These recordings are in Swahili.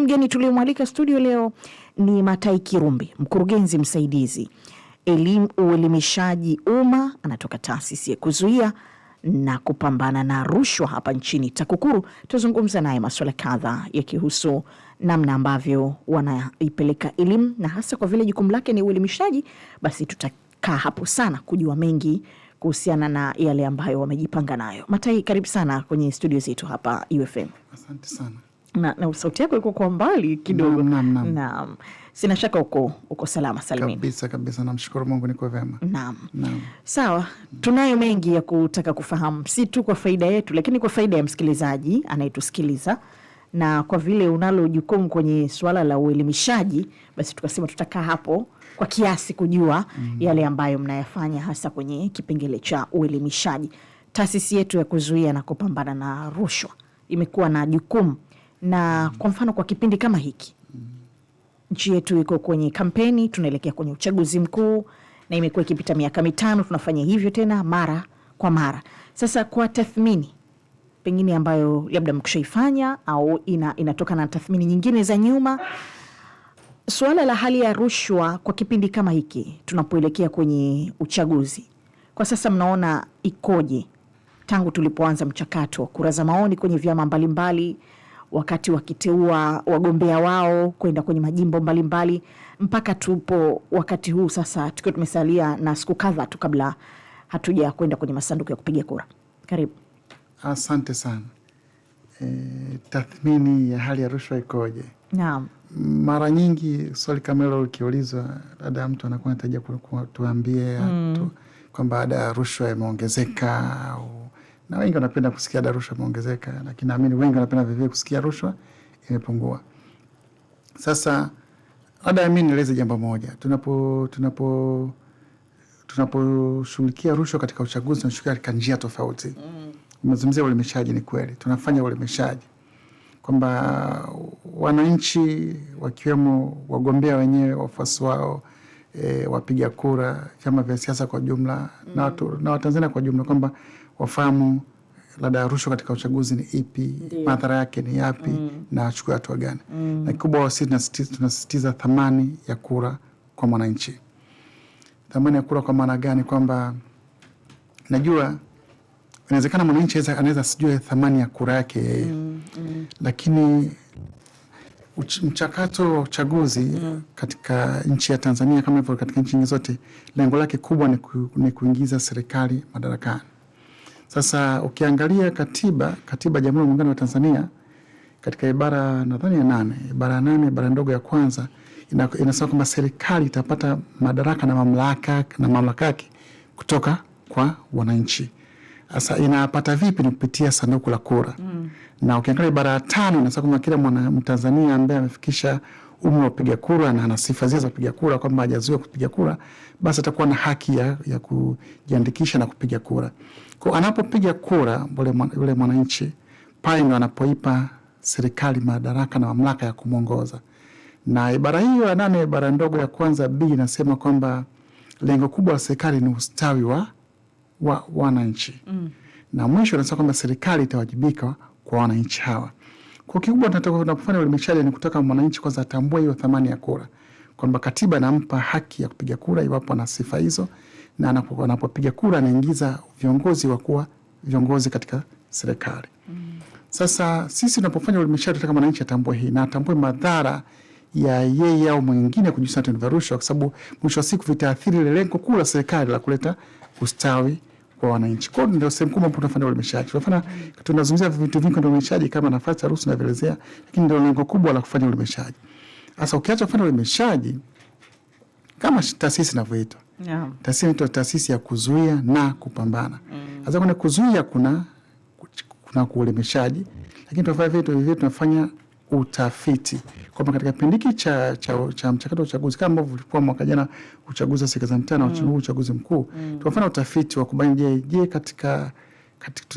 Mgeni tuliyomwalika studio leo ni Matai Kirumbi, mkurugenzi msaidizi elimu uelimishaji umma, anatoka taasisi ya kuzuia na kupambana na rushwa hapa nchini TAKUKURU. Tuzungumza naye masuala kadhaa yakihusu namna ambavyo wanaipeleka elimu na hasa kwa vile jukumu lake ni uelimishaji, basi tutakaa hapo sana kujua mengi kuhusiana na yale ambayo wamejipanga nayo. Matai, karibu sana kwenye studio zetu hapa UFM. Asante sana na, na sauti yako iko kwa mbali kidogo. Naam, sina shaka uko uko salama salimini kabisa kabisa, namshukuru Mungu niko vyema. Naam, sawa. Tunayo mengi ya kutaka kufahamu, si tu kwa faida yetu, lakini kwa faida ya msikilizaji anayetusikiliza na kwa vile unalo jukumu kwenye suala la uelimishaji, basi tukasema tutakaa hapo kwa kiasi kujua mm -hmm. yale ambayo mnayafanya hasa kwenye kipengele cha uelimishaji. Taasisi yetu ya kuzuia na kupambana na rushwa imekuwa na jukumu na kwa mfano kwa kipindi kama hiki nchi yetu iko kwenye kampeni, tunaelekea kwenye uchaguzi mkuu, na imekuwa ikipita miaka mitano tunafanya hivyo tena mara kwa mara. Sasa kwa tathmini pengine ambayo labda mkishaifanya au ina, inatokana na tathmini nyingine za nyuma, suala la hali ya rushwa kwa kipindi kama hiki tunapoelekea kwenye uchaguzi, kwa sasa mnaona ikoje tangu tulipoanza mchakato wa kura za maoni kwenye vyama mbalimbali mbali, wakati wakiteua wagombea wao kwenda kwenye majimbo mbalimbali mbali. Mpaka tupo wakati huu sasa tukiwa tumesalia na siku kadhaa tu kabla hatuja kwenda kwenye masanduku ya kupiga kura. Karibu. Asante sana. E, tathmini ya hali ya rushwa ikoje? Naam. Mara nyingi swali kama hilo likiulizwa, labda mtu anakuwa anataja tuambie mm, kwamba ada ya rushwa imeongezeka au na wengi wanapenda kusikia ada rushwa imeongezeka, lakini naamini wengi wanapenda vivyo kusikia rushwa imepungua. Sasa labda mimi nieleze jambo moja, tunapo tunapo tunaposhughulikia rushwa katika uchaguzi tunashughulikia katika njia tofauti mm. Umezungumzia mm. ulemeshaji, ni kweli tunafanya ulemeshaji kwamba wananchi wakiwemo wagombea wenyewe, wafuasi wao e, wapiga kura, vyama vya siasa kwa jumla mm. na watu na Watanzania kwa jumla kwamba wafahamu labda rushwa katika uchaguzi ni ipi, madhara yake ni yapi mm. na achukue hatua gani mm. na kikubwa sisi tunasisitiza thamani ya kura kwa mwananchi. Thamani ya kura kwa maana gani? Kwamba najua inawezekana mwananchi anaweza asijue thamani ya kura yake yeye mm. mm. lakini uch, mchakato wa uchaguzi mm. katika nchi ya Tanzania kama hivyo katika nchi nyingi zote, lengo lake kubwa ni, ku, ni kuingiza serikali madarakani sasa ukiangalia katiba, katiba ya Jamhuri ya Muungano wa Tanzania katika ibara nadhani ya nane, ibara ya nane, ibara ndogo ya kwanza inasema kwamba serikali itapata madaraka na mamlaka na mamlaka yake kutoka kwa wananchi. Sasa inapata vipi? Ni kupitia sanduku la kura mm. na ukiangalia ibara ya tano inasema kwamba kila Mtanzania ambaye amefikisha umri wa kupiga kura na ana sifa zile za kupiga kura kwamba hajazuiwa kupiga kura, basi atakuwa na haki ya, ya kujiandikisha na kupiga kura. Kwa anapopiga kura yule mwananchi pale ndo anapoipa serikali madaraka na mamlaka ya kumwongoza. Na ibara hiyo ya nane ibara ndogo ya kwanza B inasema kwamba lengo kubwa la serikali ni ustawi wa wananchi wa mm. na mwisho anasema kwamba serikali itawajibika kwa wananchi hawa. Kwa kikubwa tunapofanya uelimishaji ni kutaka mwananchi kwanza atambue hiyo thamani ya kura, kwamba katiba anampa haki ya kupiga kura iwapo ana sifa hizo, na anapopiga kura anaingiza viongozi wa kuwa viongozi katika serikali. Sasa sisi tunapofanya uelimishaji tunataka mwananchi atambue hii na atambue madhara ya yeye au mwingine kujihusisha na vitendo vya rushwa, kwa sababu mwisho wa siku vitaathiri ile lengo kuu la serikali la kuleta ustawi kwa wananchi. Kwa hiyo ndio sehemu kubwa ambapo tunafanya uremeshaji. Tunafanya tunazungumzia vitu vingi kwenye uremeshaji kama nafasi, ya na vielezea, lakini ndio lengo kubwa la kufanya uremeshaji. Sasa ukiacha kufanya uremeshaji kama taasisi inavyoitwa. Yeah. Taasisi inaitwa taasisi ya kuzuia na kupambana. Mm. Sasa kuna kuzuia kuna kuna kuuremeshaji, lakini tunafanya vitu vivyo, tunafanya utafiti kwamba katika kipindi hiki cha, cha, cha mchakato wa uchaguzi kama ambavyo ulikuwa mwaka jana uchaguzi wa serikali za mtaa na mm. uchaguzi mkuu mm. tumefanya utafiti wa kubaini je, je katika, katika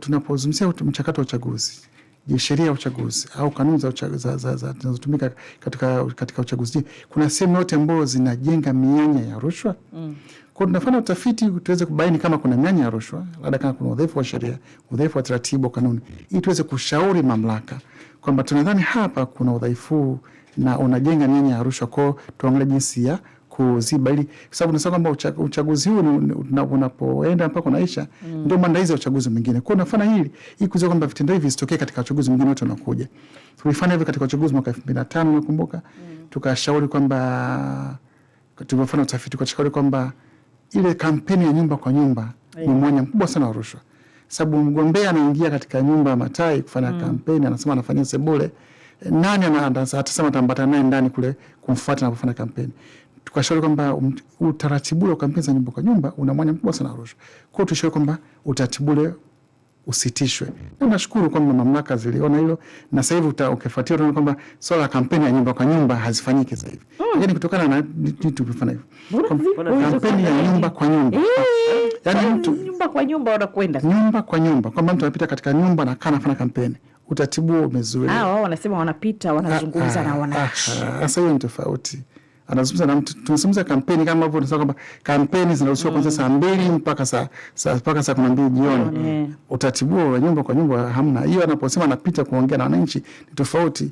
tunapozungumzia mchakato wa uchaguzi je, sheria ya uchaguzi au kanuni zinazotumika katika, katika uchaguzi je, kuna sehemu yote ambazo zinajenga mianya ya rushwa mm. Kwa tunafanya utafiti tuweze kubaini kama kuna mianya ya rushwa, labda kama kuna udhaifu wa sheria, udhaifu wa taratibu, kanuni, ili tuweze kushauri mamlaka kwamba tunadhani hapa kuna udhaifu na unajenga mianya ya rushwa, kwao tuangalie jinsi ya kuziba ili sababu nasema kwamba uchaguzi, huu unapoenda mpaka unaisha mm. ndio maandalizi ya uchaguzi mwingine. Kwa hiyo hili ili kuzuia kwamba vitendo hivi visitokee katika uchaguzi mwingine wote unakuja. Tulifanya hivi katika uchaguzi mwaka elfu mbili na tano nakumbuka, mm. tukashauri kwamba tulipofanya utafiti tukashauri kwamba ile kampeni ya nyumba kwa nyumba ni mwanya mkubwa sana wa rushwa, sababu mgombea anaingia katika nyumba ya matai kufanya mm. kampeni, anasema anafanyia sebule, eh, nani atasema atambatana naye ndani kule kumfuata anapofanya kampeni. Tukashauri kwamba utaratibu wa kampeni za nyumba kwa nyumba una mwanya mkubwa sana wa rushwa, kwa hiyo tushauri kwamba utaratibu usitishwe. Nashukuru kwamba mamlaka ziliona hilo na sasa hivi ukifuatia utaona kwamba swala la kampeni ya nyumba kwa nyumba hazifanyiki sasa hivi, mm. lakini kutokana na vitu hivyo, kampeni ya nyumba kwa nyumba eh, yani mtu nyumba kwa nyumba wanakwenda nyumba kwa nyumba, kwamba mtu anapita katika nyumba na kana fanya kampeni utaratibu umezuia. Hao ah, wanasema wanapita wanazungumza ah, na ah, wananchi. Sasa hiyo ni tofauti anazungumza na mtu, tunazungumza kampeni kama hivyo, tunasema kwamba kampeni zinaruhusiwa kuanzia mm. saa mbili mpaka saa saa mpaka saa kumi na mbili jioni. Mm. Utaratibu wa nyumba kwa nyumba hamna hiyo. Anaposema anapita kuongea na wananchi ni tofauti,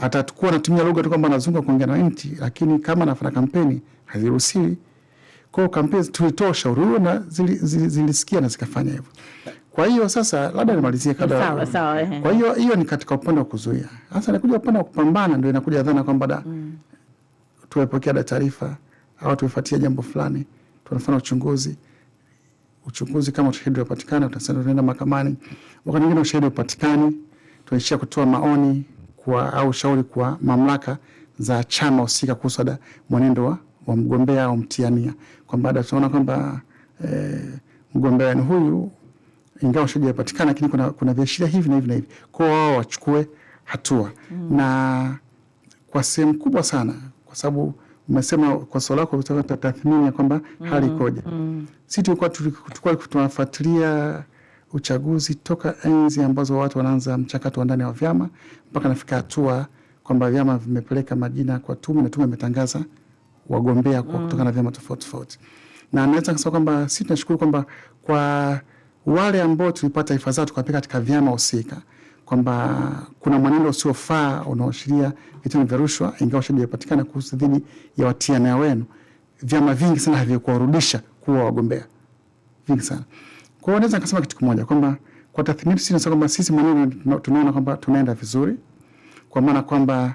atakuwa anatumia lugha tu kwamba anazunguka kuongea na wananchi, lakini kama anafanya kampeni haziruhusiwi. Kwa kampeni tulitoa ushauri huo na zilisikia na zikafanya hivyo. Kwa hiyo sasa, labda nimalizie kabla. Sawa sawa. Kwa hiyo hiyo ni katika upande wa kuzuia. Sasa nakuja upande wa kupambana, ndio inakuja dhana kwamba da mm tumepokea da taarifa au tumefuatia jambo fulani, tunafanya uchunguzi. Uchunguzi kama ushahidi unapatikana, tunasema tunaenda mahakamani. Wakati mwingine ushahidi upatikani, tunaishia kutoa maoni kwa au ushauri kwa mamlaka za chama husika kuhusu mwenendo wa, wa mgombea au mtiania, kwamba baada tunaona kwamba e, mgombea ni huyu, ingawa ushahidi unapatikana, lakini kuna, kuna viashiria hivi na hivi na hivi, kwa wao wachukue hatua mm. na kwa sehemu kubwa sana kwa sababu umesema kwa swali lako kutoka tathmini ya kwamba mm, hali ikoje? Mm. Sisi tulikuwa tulikuwa tunafuatilia uchaguzi toka enzi ambazo watu wanaanza mchakato wa ndani wa vyama mpaka nafika hatua kwamba vyama vimepeleka majina kwa tume na tume imetangaza wagombea kwa mm, kutoka na vyama tofauti tofauti, na naweza kusema kwamba sisi tunashukuru kwamba kwa wale ambao tulipata hifadhi zao tukapeleka katika vyama husika kwamba kuna mwenendo usiofaa unaoashiria vitendo vya rushwa, ingawa shahidi hapatikana kuhusu dhidi ya watia nia wenu. Vyama vingi sana havikuwarudisha kuwa wagombea vingi sana. Kwa hiyo naweza nikasema kitu kimoja kwamba kwa tathmini sisi kwamba sisi mwenyewe tunaona kwamba tunaenda vizuri, kwa maana kwamba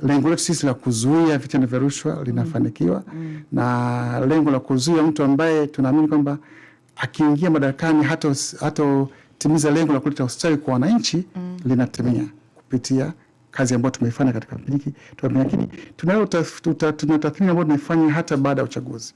lengo letu sisi la kuzuia vitendo vya rushwa mm. linafanikiwa mm. na lengo la kuzuia mtu ambaye tunaamini kwamba akiingia madarakani hata hata kutimiza lengo la kuleta ustawi kwa wananchi mm. linatimia kupitia kazi ambayo tumeifanya katika kipindi hiki. Lakini tunayo tathmini ambayo tunaifanya hata baada ya uchaguzi.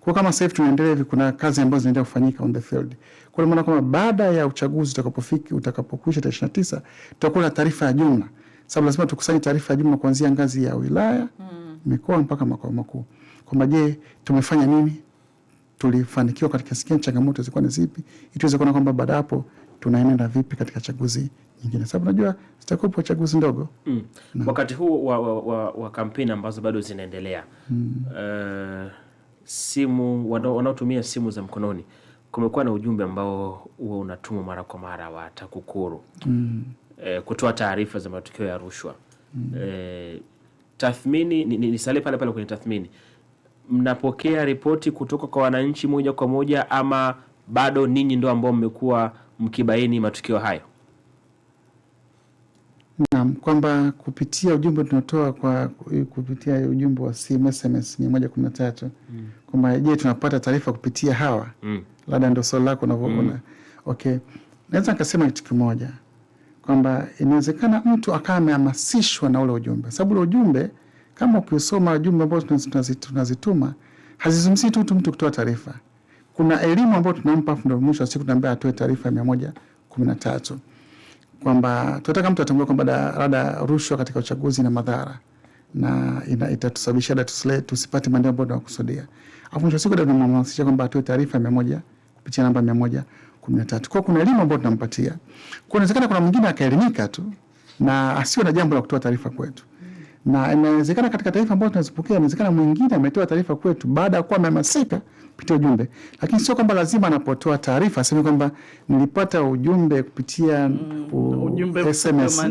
Kwa kama sasa hivi tunaendelea hivi, kuna kazi ambazo zinaendelea kufanyika on the field. Kwa maana kwamba baada ya uchaguzi utakapofika, utakapokwisha tarehe 29 tutakuwa na taarifa ya jumla, sababu lazima tukusanye taarifa ya jumla kuanzia ngazi ya wilaya, mm. mikoa mpaka makao makuu, kwamba je, tumefanya nini tulifanikiwa katika skia changamoto zilikuwa ni zipi, ili tuweze kuona kwamba baada hapo tunaenenda vipi katika chaguzi nyingine, sababu najua zitakuwepo chaguzi ndogo mm. wakati huu wa, wa, wa, wa kampeni ambazo bado zinaendelea mm. Uh, simu wanaotumia simu za mkononi, kumekuwa na ujumbe ambao huwa unatumwa mara kwa mara wa TAKUKURU mm. e, kutoa taarifa za matukio ya rushwa mm. e, tathmini ni, ni, sale pale pale kwenye tathmini mnapokea ripoti kutoka kwa wananchi moja kwa moja ama bado ninyi ndo ambao mmekuwa mkibaini matukio hayo? Naam, kwamba kupitia ujumbe tunatoa kwa kupitia ujumbe wa simu SMS mia moja kumi na tatu mm. kwamba je, tunapata taarifa kupitia hawa mm. labda ndo swali lako unavyoona mm. Okay, naweza nikasema kitu kimoja kwamba inawezekana mtu akawa amehamasishwa na ule ujumbe, sababu ule ujumbe kama ukisoma jumbe ambazo tunazituma hazizungumzii tu mtu kutoa taarifa, kuna elimu ambayo tunampa, afu ndio mwisho wa siku tunaambia atoe taarifa mia moja kumi na tatu kwamba tunataka mtu atambue kwamba labda rushwa katika uchaguzi na madhara na ina, itatusababisha labda tusipate maendeleo ambayo tunakusudia, afu mwisho wa siku tunamhamasisha kwamba atoe taarifa mia moja kupitia namba mia moja kumi na tatu kwao. Kuna elimu ambayo tunampatia kwao, inawezekana kuna mwingine akaelimika tu na asiwe na jambo la kutoa taarifa kwetu na inawezekana katika taarifa ambazo tunazipokea, inawezekana mwingine ametoa taarifa kwetu baada ya kuwa amehamasika kupitia ujumbe, lakini sio kwamba lazima anapotoa taarifa aseme kwamba nilipata ujumbe kupitia mm, ujumbe SMS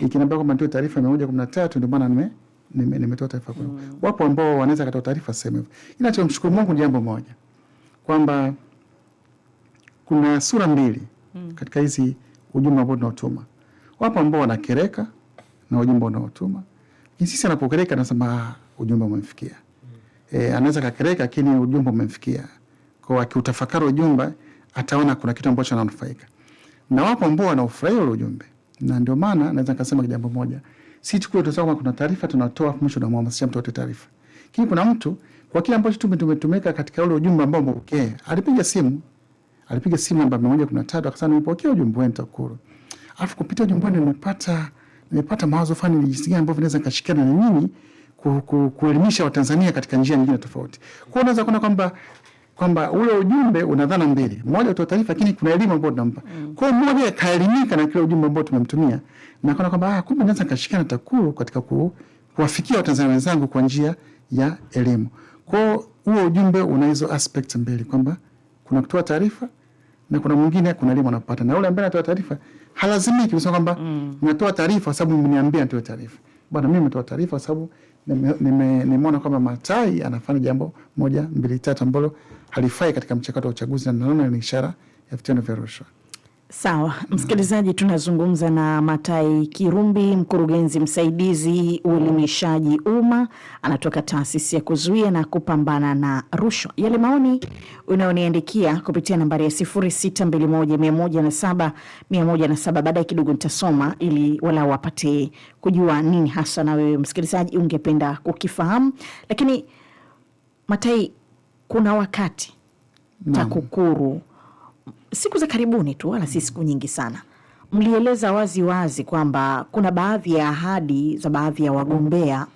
ikiniambia kwamba nitoe taarifa mia moja kumi na tatu ndio maana nime nimetoa taarifa kwenu. Mm. Wapo ambao wanaweza katoa taarifa sehemu hivyo, ila cha mshukuru Mungu ni jambo moja kwamba kuna sura mbili mm. katika hizi ujumbe ambao tunaotuma. Wapo ambao wanakereka na ujumbe unaotuma ni Sisi anapokereka anasema ah, ujumbe umemfikia. E, anaweza kakereka lakini ujumbe umemfikia. Kwa akiutafakari ujumbe ataona kuna kitu ambacho ananufaika. Na wapo ambao wanaufurahia ule ujumbe. Na ndio maana naweza nikasema jambo moja. Si chukue tu sawa, kuna taarifa tunatoa mwisho na mhamasisha mtu atoe taarifa. Lakini kuna mtu kwa kile ambacho tumetumeka katika ule ujumbe ambao umepokea. Okay. Alipiga simu. Alipiga simu namba 113 akasema nimepokea ujumbe wenu TAKUKURU. Alafu kupitia ujumbe nimepata mm nimepata mawazo fulani, ni jinsi gani ambavyo naweza nikashirikiana na nyinyi ku, ku, kuelimisha Watanzania katika njia nyingine tofauti. Kwa hiyo unaweza kuona kwamba kwamba ule ujumbe una dhana mbili, mmoja utoa taarifa, lakini kuna elimu ambayo tunampa. Mm. Kwa hiyo mmoja kaelimika na kile ujumbe ambao tumemtumia na kaona kwamba ah, kumbe naweza nikashirikiana TAKUKURU katika ku, kuwafikia Watanzania wenzangu kwa njia ya elimu. Kwa hiyo huo ujumbe una hizo aspect mbili kwamba kuna kutoa taarifa na kuna mwingine kuna elimu anapata, na yule ambaye anatoa taarifa halazimiki kusema kwamba mm. natoa taarifa kwa sababu mmeniambia natoa taarifa. Bwana, mimi nimetoa taarifa kwa sababu nimeona kwamba Matai anafanya jambo moja mbili tatu ambalo halifai katika mchakato wa uchaguzi, na naona ni ishara ya vitendo vya rushwa. Sawa msikilizaji, tunazungumza na Matai Kirumbi, mkurugenzi msaidizi uelimishaji umma, anatoka taasisi ya kuzuia na kupambana na rushwa. Yale maoni unayoniandikia kupitia nambari ya sifuri sita mbili moja mia moja na saba mia moja na saba baadaye kidogo nitasoma ili walau wapate kujua nini hasa na wewe msikilizaji ungependa kukifahamu. Lakini Matai, kuna wakati TAKUKURU siku za karibuni tu, wala si siku nyingi sana, mlieleza wazi wazi kwamba kuna baadhi ya ahadi za baadhi ya wagombea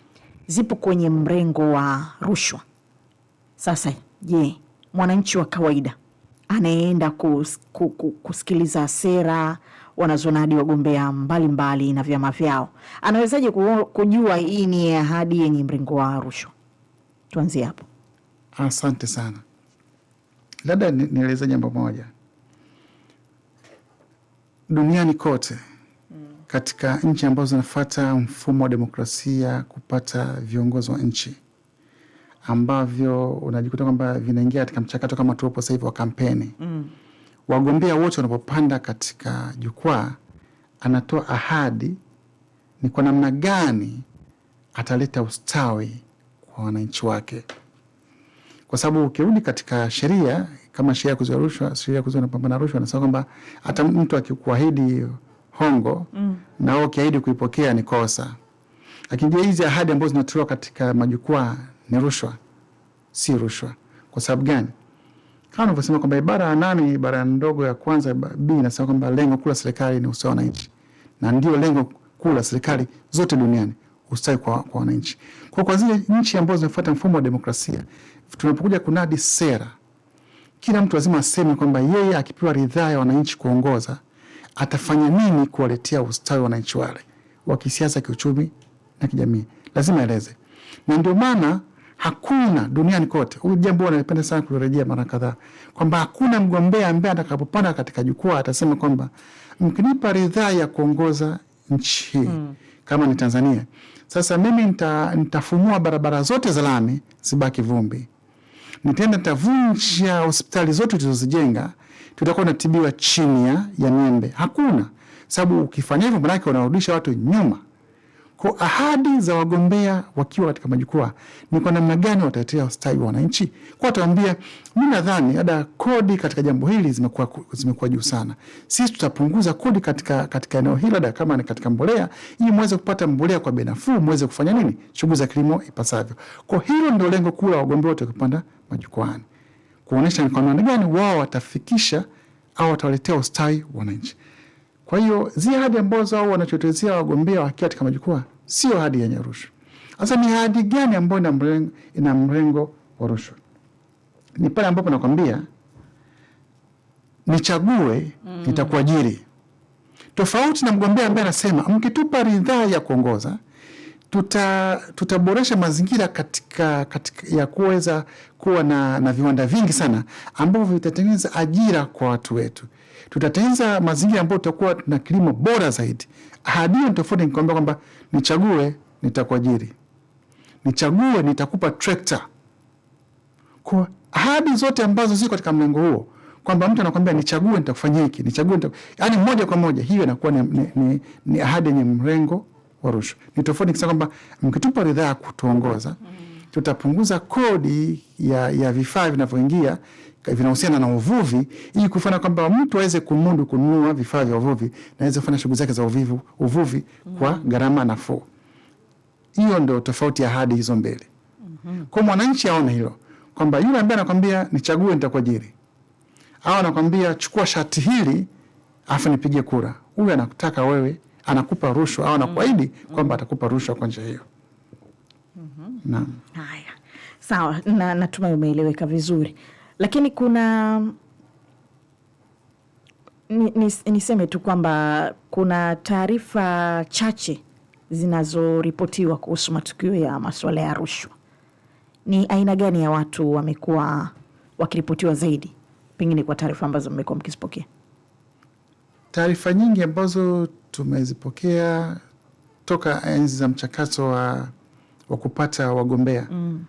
zipo kwenye mrengo wa rushwa. Sasa je, mwananchi wa kawaida anayeenda kus, kusikiliza sera wanazonadi wagombea mbalimbali na vyama vyao anawezaje kujua hii ni ahadi yenye mrengo wa rushwa? Tuanzie hapo. Asante sana. Labda nieleze jambo moja. Duniani kote mm. katika nchi ambazo zinafuata mfumo wa demokrasia kupata viongozi wa nchi ambavyo unajikuta kwamba vinaingia katika mchakato kama tuopo sasa hivi wa kampeni mm. wagombea wote wanapopanda katika jukwaa, anatoa ahadi ni kwa namna gani ataleta ustawi kwa wananchi wake kwa sababu ukirudi katika sheria kama sheria ya kuzuia rushwa, sheria ya kuzuia na kupambana na rushwa nasema kwamba hata mtu akikuahidi hongo mm. na wewe ukiahidi kuipokea ni kosa. Lakini je, hizi ahadi ambazo zinatolewa katika majukwaa ni rushwa? Si rushwa. Kwa sababu gani? Kama unavyosema kwamba ibara ya nane ibara ndogo ya kwanza B inasema kwamba lengo kuu la serikali ni usawa wa wananchi, na ndio lengo kuu la serikali zote duniani, ustawi kwa wananchi. Kwa kwa zile nchi ambazo zinafuata mfumo wa demokrasia tunapokuja kunadi sera, kila mtu lazima aseme kwamba yeye akipewa ridhaa ya wananchi kuongoza atafanya nini kuwaletea ustawi wa wananchi wale wa kisiasa, kiuchumi na kijamii, lazima eleze. Na ndio maana hakuna duniani kote, huyu jambo wanalipenda sana kulirejea mara kadhaa, kwamba hakuna mgombea ambaye atakapopanda katika jukwaa atasema kwamba mkinipa ridhaa ya kuongoza nchi hii mm. kama ni Tanzania sasa, mimi nitafumua nita barabara zote za lami zibaki vumbi nitaenda tavunja hospitali zote tulizozijenga, tutakuwa tunatibiwa chini ya miembe. Hakuna sababu, ukifanya hivyo manake unarudisha watu nyuma. Kwa ahadi za wagombea wakiwa katika majukwaa ni kwa namna gani watatetea ustawi wa wananchi? Kwa wataambia, mi nadhani ada kodi katika jambo hili zimekuwa zimekuwa juu sana, sisi tutapunguza kodi katika katika eneo hili, ada kama ni katika mbolea, ili muweze kupata mbolea kwa bei nafuu, muweze kufanya nini, shughuli za kilimo ipasavyo. Kwa hilo ndio lengo kuu la wagombea wote wakipanda majukwaani, kuonesha ni kwa namna gani wao watafikisha au watawaletea ustawi wananchi. Kwa hiyo zile ahadi ambazo au wanachotezea wagombea wakiwa katika majukwaa sio hadi yenye rushwa. Sasa ni hadi gani ambayo ina mrengo wa rushwa? Ni pale ambapo nakwambia nichague, mm. nitakuajiri, tofauti na mgombea ambaye anasema mkitupa ridhaa ya kuongoza tuta tutaboresha mazingira katika, katika ya kuweza kuwa na, na viwanda vingi sana ambavyo vitatengeneza ajira kwa watu wetu, tutatengeneza mazingira ambayo tutakuwa na kilimo bora zaidi ahadi hiyo nitafute nikwambia kwamba nichague nitakuajiri, nichague nitakupa trekta. Kwa ahadi zote ambazo ziko katika mlengo huo kwamba mtu anakwambia nichague nitakufanyia hiki, nichague nita... yani moja kwa moja hiyo inakuwa ni, ni, ni, ni ahadi yenye mrengo wa rushwa. Ni tofauti nikisema kwamba mkitupa ridhaa ya kutuongoza mm tutapunguza kodi ya, ya vifaa vinavyoingia vinahusiana na uvuvi ili kufanya kwamba mtu aweze kumudu kununua vifaa vya uvuvi na aweze kufanya shughuli zake za uvivu, uvuvi mm -hmm. kwa mm-hmm. gharama nafuu. Hiyo ndo tofauti ya hadi hizo mbili mm -hmm. kwa mwananchi aone hilo kwamba yule ambaye anakwambia nichague nitakuajiri au anakwambia chukua shati hili afu nipige kura, huyu anakutaka wewe, anakupa rushwa au anakuahidi mm-hmm. kwamba atakupa rushwa kwa njia hiyo. Haya, sawa na, natumai umeeleweka vizuri, lakini kuna niseme ni, ni tu kwamba kuna taarifa chache zinazoripotiwa kuhusu matukio ya masuala ya rushwa. Ni aina gani ya watu wamekuwa wakiripotiwa zaidi, pengine kwa taarifa ambazo mmekuwa mkizipokea? Taarifa nyingi ambazo tumezipokea toka enzi za mchakato wa wa kupata wagombea mm.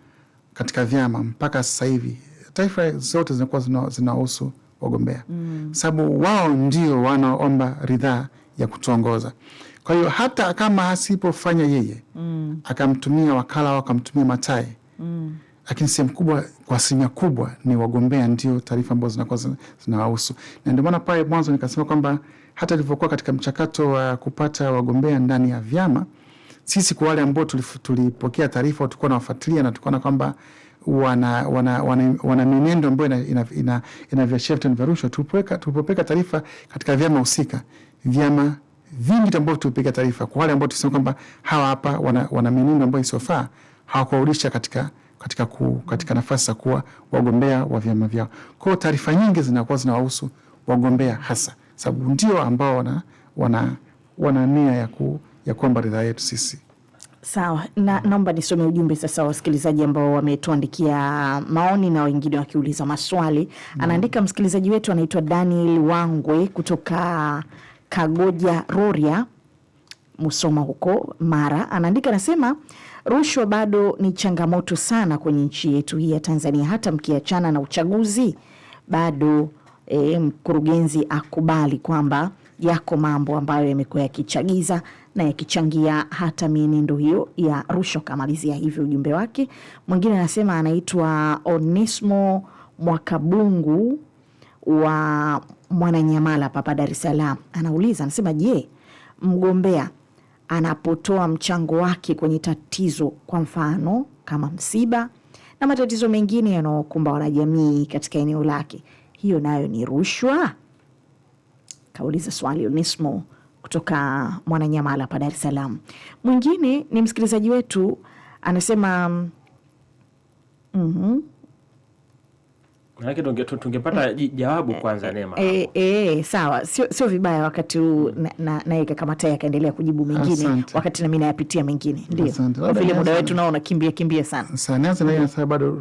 katika vyama mpaka sasa hivi taifa zote zinakuwa zinahusu wagombea mm. sababu wao ndio wanaomba ridhaa ya kutuongoza. Kwa hiyo hata kama asipofanya yeye mm. akamtumia wakala au akamtumia Matae mm. lakini sehemu kubwa, kwa asilimia kubwa ni wagombea ndio taarifa ambazo zinakuwa zinawahusu, na ndio maana pale mwanzo nikasema kwamba hata ilivyokuwa katika mchakato wa kupata wagombea ndani ya vyama sisi kwa wale ambao tulipokea taarifa tulikuwa nawafuatilia na tukaona kwamba wana, wana, wana, wana mienendo ambayo ina, ina, ina, ina viashiria vitendo vya rushwa. Tulipopeka taarifa katika vyama husika, vyama vingi ambavyo tulipiga taarifa kwa wale ambao tulisema kwamba hawa hapa wana, wana mienendo ambayo isiyofaa, hawakuwarudisha katika katika, ku, katika nafasi za kuwa wagombea wa vyama vyao. Kwa hiyo taarifa nyingi zinakuwa zinawahusu wagombea hasa, sababu ndio ambao wana, wana, wana nia ya ku ya kwamba ridhaa yetu sisi. Sawa na, naomba nisome ujumbe sasa wa wasikilizaji ambao wametuandikia maoni na wengine wakiuliza maswali mm. Anaandika msikilizaji wetu anaitwa Daniel Wangwe kutoka Kagoja Roria, Musoma huko Mara, anaandika anasema, rushwa bado ni changamoto sana kwenye nchi yetu hii ya Tanzania, hata mkiachana na uchaguzi bado e, mkurugenzi akubali kwamba yako mambo ambayo yamekuwa yakichagiza na yakichangia hata mienendo hiyo ya rushwa. Kamalizia hivyo ujumbe wake. Mwingine anasema anaitwa Onesmo Mwakabungu wa Mwananyamala papa Dar es Salaam, anauliza anasema, je, mgombea anapotoa mchango wake kwenye tatizo, kwa mfano kama msiba na matatizo mengine yanayokumba wanajamii katika eneo lake, hiyo nayo ni rushwa? Kauliza swali Onesmo kutoka Mwananyamala hapa Dar es Salaam. Mwingine ni msikilizaji wetu anasema mm-hmm. Tungepata eh, jawabu eh, kwanza Neema. E, e, sawa, sio, sio vibaya wakati huu mm. naye kaka akaendelea kujibu mengine wakati nami nayapitia mengine, ndiovile vile muda wetu nao nakimbia kimbia sana. Mm.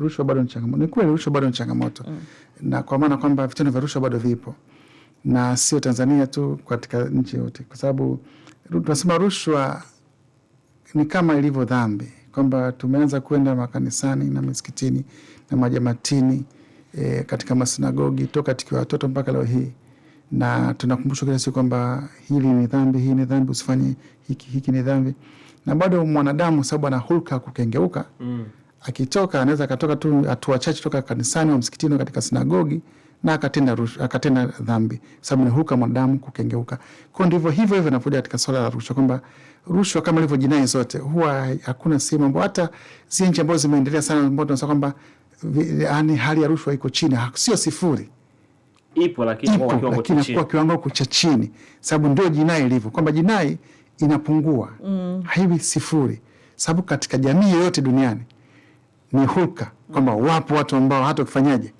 Rushwa bado ni changamoto, ni kweli rushwa bado ni changamoto, mm. na kwa maana kwamba vitendo vya rushwa bado vipo na sio Tanzania tu, katika nchi yote, kwa sababu tunasema rushwa ni kama ilivyo dhambi, kwamba tumeanza kwenda makanisani na misikitini na majamatini e, katika masinagogi toka tukiwa watoto mpaka leo hii, na tunakumbushwa kila siku kwamba hili ni dhambi, hii ni dhambi, usifanye hiki, hiki ni dhambi. Na bado mwanadamu sababu ana hulka kukengeuka mm. Akitoka anaweza akatoka tu hatua chache toka kanisani au msikitini katika sinagogi na akatenda rushwa, akatenda dhambi, sababu ni huruka mwanadamu kukengeuka. Kwa ndivyo hivyo hivyo inapokuja katika swala la rushwa, kwamba rushwa kama ilivyo jinai zote huwa hakuna sehemu ambayo, hata zile nchi ambazo zimeendelea sana, ambao tunasema kwamba yani hali ya rushwa iko chini, sio sifuri ipo lakini kwa kiwango lakini kwa kiwango cha chini, sababu ndio jinai ilivyo, kwamba jinai inapungua mm. haiwi sifuri, sababu katika jamii yoyote duniani ni hulka kwamba wapo watu ambao hata ukifanyaje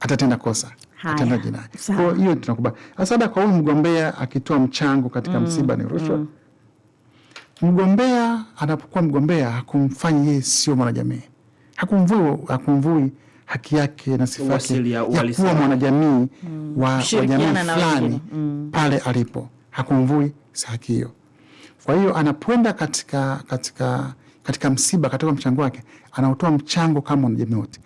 atatenda kosa atenda jinai. Kwa hiyo tunakubali hasada kwa huyu mgombea akitoa mchango katika mm, msiba ni rushwa mm. Mgombea anapokuwa mgombea hakumfanyi yeye sio mwanajamii, hakumvui hakumvui haki yake na sifa yake ya kuwa mwanajamii mm. wa, wa jamii fulani mm. pale alipo hakumvui haki hiyo. Kwa hiyo anapoenda katika, katika, katika msiba, katoka mchango wake, anautoa mchango kama mwanajamii wote.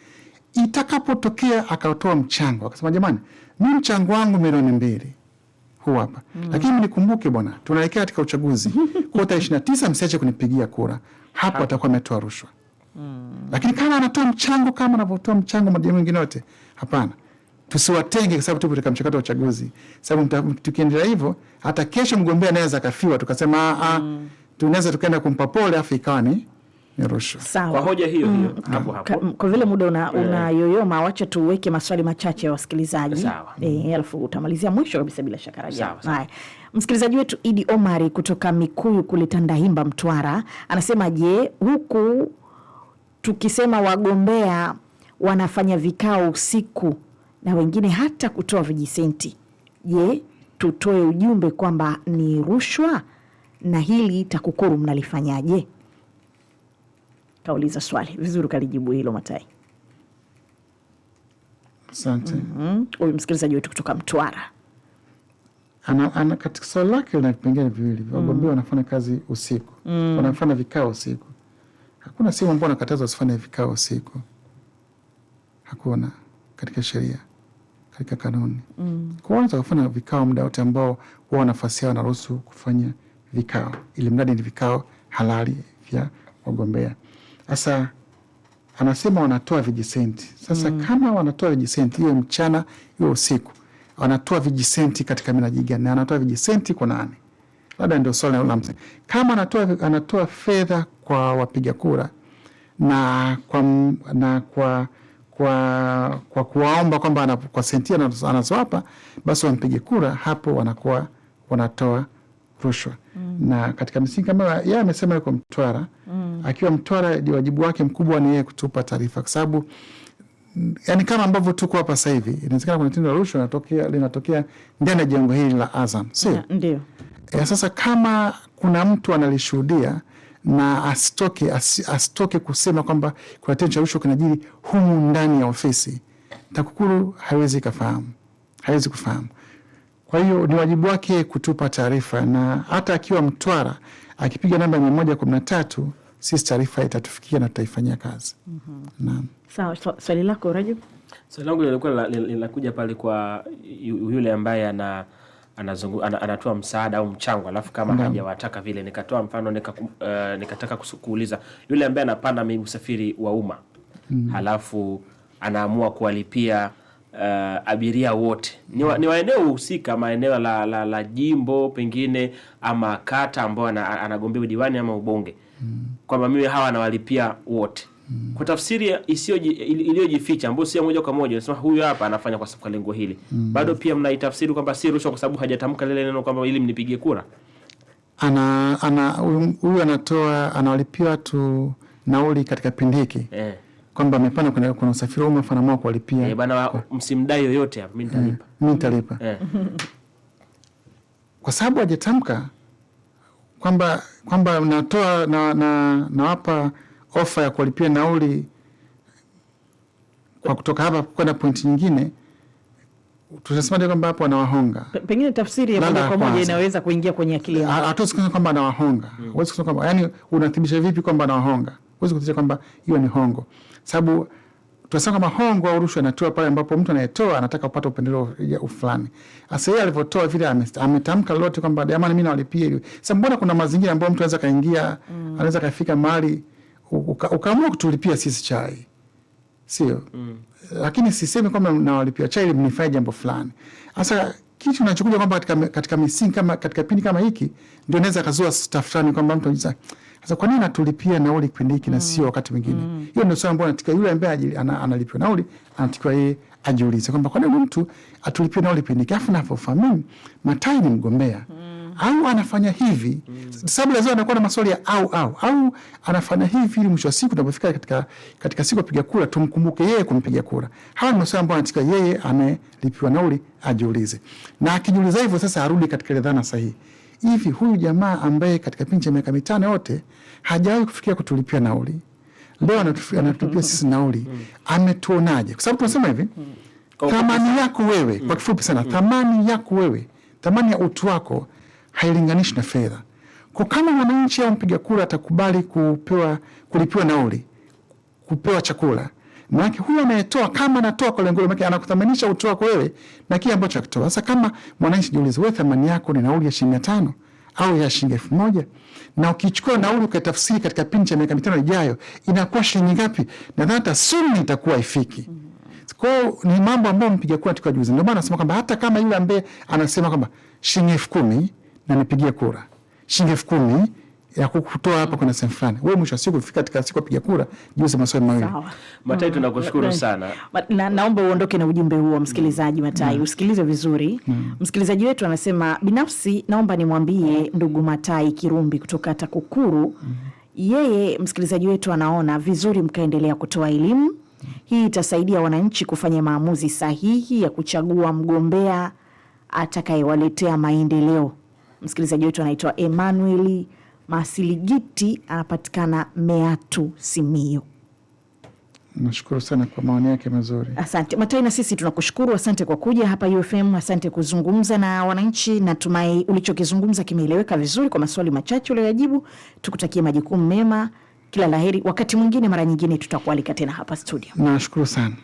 Itakapotokea akatoa mchango akasema, jamani, mi mchango wangu milioni mbili huu hapa mm. Lakini nikumbuke bwana, tunaelekea katika uchaguzi kwa tarehe ishirini na tisa, msiache kunipigia kura. Hapo atakuwa ametoa rushwa mm. Lakini kama anatoa mchango kama anavyotoa mchango majamii mengine yote, hapana, tusiwatenge kwa sababu tupo katika mchakato wa uchaguzi, sababu tukiendelea hivyo hata kesho mgombea anaweza akafiwa, tukasema ah, ah, mm. tunaweza tukaenda kumpa pole afu ikawa ni Nirusha. Sawa. Kwa hoja hiyo hiyo mm, hapo hapo. Kwa vile muda una, eh. una yoyoma wacha tuweke maswali machache ya wasikilizaji. Sawa. Eh, alafu utamalizia mwisho kabisa bila shaka Rajabu. Haya. Msikilizaji wetu Idi Omari kutoka Mikuyu kule Tandahimba Mtwara anasema je, huku tukisema wagombea wanafanya vikao usiku na wengine hata kutoa vijisenti. Je, tutoe ujumbe kwamba ni rushwa na hili TAKUKURU mnalifanyaje? kauliza swali vizuri, kalijibu hilo Matai. Asante. Mm-hmm. Huyu mm -hmm. msikilizaji wetu kutoka Mtwara ana, ana, katika swali lake lina vipengele viwili. Mm. Wagombea wanafanya kazi usiku mm. wanafanya vikao usiku. Hakuna sehemu ambao wanakataza wasifanye vikao usiku, hakuna katika sheria, katika kanuni mm. kwa wanaweza kufanya vikao muda wote ambao wao nafasi yao wanaruhusu kufanya vikao, ili mradi ni vikao halali vya wagombea. Sasa anasema wanatoa vijisenti. Sasa mm. kama wanatoa vijisenti, hiyo mchana hiyo usiku, wanatoa vijisenti katika minaji gani? Anatoa vijisenti kwa nani? Labda ndio swali la msingi. Kama anatoa anatoa fedha kwa wapiga kura na kwa na kwa kwa kwa kuwaomba kwamba kwa senti anazowapa, basi wampige kura, hapo wanakuwa wanatoa rushwa mm. na katika misingi ambayo yeye amesema yuko Mtwara mm. akiwa Mtwara, ni wajibu wake mkubwa ni yeye kutupa taarifa, kwa sababu yani kama ambavyo tuko hapa sasa hivi, inawezekana kuna tendo la rushwa linatokea linatokea ndani ya jengo hili la Azam, sio ndio? E, sasa kama kuna mtu analishuhudia na asitoke as, asitoke kusema kwamba kuna tendo cha rushwa kinajiri humu ndani ya ofisi, TAKUKURU haiwezi kafahamu, haiwezi kufahamu kwa hiyo ni wajibu wake kutupa taarifa, na hata akiwa Mtwara akipiga namba mia moja kumi na tatu sisi taarifa itatufikia na tutaifanyia kazi. Mhm. Naam, sawa. swali lako Rajab? Swali langu lilikuwa linakuja pale kwa yule ambaye ana anazungu, an, anatoa msaada au mchango alafu kama hajawataka vile, nikatoa mfano nika, uh, eh, nikataka kuuliza yule ambaye anapanda usafiri wa umma mm -hmm. halafu anaamua kuwalipia uh, abiria wote ni, wa, ni waeneo husika maeneo la, la, la jimbo pengine ama kata ambayo anagombea udiwani ama ubunge mm. kwamba mimi hawa anawalipia wote Hmm. kwa tafsiri iliyojificha ambayo sio moja kwa moja unasema huyu hapa anafanya kwa, kwa lengo hili hmm. bado pia mnaitafsiri kwamba si rushwa kwa sababu hajatamka lile neno kwamba ili mnipigie kura ana ana huyu anatoa anawalipia watu nauli katika pindi hiki eh kwamba amepanda kwenda kuna usafiri wa umma fanaamua kuwalipia eh, bana msimdai yoyote hapa, mimi nitalipa, mm, mimi nitalipa eh. Kwa sababu hajatamka kwamba kwamba natoa na, na, nawapa ofa ya kulipia nauli kwa kutoka hapa kwenda pointi nyingine tunasema ndio kwamba hapo anawahonga. Pengine tafsiri ya moja kwa moja inaweza kuingia kwenye akili yako. Hatuwezi kusema kwamba anawahonga. Mm. Huwezi kusema kwamba yani, unathibisha vipi kwamba anawahonga? Huwezi kuthibitisha kwamba hiyo ni hongo sababu tunasema kwamba hongo au rushwa inatoa pale ambapo mtu anayetoa anataka kupata upendeleo fulani. Sasa yeye alivyotoa vile ametamka lolote kwamba jamani, mi nawalipia hivi. Sasa mbona kuna mazingira ambayo mtu anaweza kaingia, mm. anaweza kafika mahali ukaamua kutulipia sisi chai, sio? mm. Lakini sisemi kwamba nawalipia chai ili mnifanye jambo fulani. Sasa kitu nachokuja kwamba katika katika misingi kama katika pindi kama hiki ndio naweza kazua tafrani kwamba mtu anaweza sasa kwa nini natulipia nauli kipindi hiki na mm. sio wakati mwingine? Mm. Hiyo ndio swali ambalo natika yule ambaye analipiwa nauli anatakiwa yeye ajiulize kwamba kwa nini mtu atulipie nauli kipindi hiki? Afu nafahamu Matai ni mgombea. Mm. Au anafanya hivi. Mm. Sababu lazima anakuwa na maswali ya au au au anafanya hivi ili mwisho wa siku tunapofika katika katika siku ya kupiga kura tumkumbuke yeye kumpiga kura. Hawa ni maswali ambayo anatakiwa yeye amelipiwa nauli ajiulize. Na akijiuliza hivyo sasa arudi katika ile dhana sahihi hivi huyu jamaa ambaye katika kipindi cha miaka mitano yote hajawahi kufikia kutulipia nauli, leo anatulipia mm. sisi nauli, mm. ametuonaje? Kwa sababu tunasema hivi, mm. thamani yako wewe, kwa kifupi sana, thamani yako wewe, thamani ya utu wako hailinganishi na fedha. Kwa kama mwananchi au mpiga kura atakubali kupewa kulipiwa nauli, kupewa chakula maana huyu anayetoa kama anatoa kwa lengo lake anakuthamanisha utoa kwa wewe na kile ambacho akitoa. Sasa kama mwananchi jiulize wewe thamani yako ni nauli ya shilingi 5 au ya shilingi 1000 na ukichukua nauli ukatafsiri katika pindi cha miaka mitano ijayo inakuwa shilingi ngapi? Nadhani hata sumu itakuwa ifiki. Kwa ni mambo ambayo mpiga kura atakuwa juzi. Ndio maana nasema kwamba hata kama yule ambaye anasema kwamba shilingi 10000 na nipigie kura. Shilingi 10000 ya kukutoa hapa kuna sehemu fulani. Wewe mwisho wa siku ukifika katika siku ya kupiga kura, jiulize maswali mawili. Matai, mm. tunakushukuru mm. sana. Na naomba uondoke na ujumbe huo msikilizaji mm. Matai, usikilize vizuri. Msikilizaji wetu anasema, binafsi naomba nimwambie ndugu Matai Kirumbi kutoka TAKUKURU, yeye msikilizaji wetu anaona vizuri mkaendelea kutoa elimu hii itasaidia wananchi kufanya maamuzi sahihi ya kuchagua mgombea atakayewaletea maendeleo. Msikilizaji wetu anaitwa Emmanuel Masiligiti anapatikana Meatu, Simiyu. Nashukuru sana kwa maoni yake mazuri, asante Matai, na sisi tunakushukuru. Asante kwa kuja hapa UFM, asante kuzungumza na wananchi. Natumai ulichokizungumza kimeeleweka vizuri, kwa maswali machache ulioyajibu. Tukutakie majukumu mema, kila laheri. Wakati mwingine, mara nyingine, tutakualika tena hapa studio. Nashukuru sana.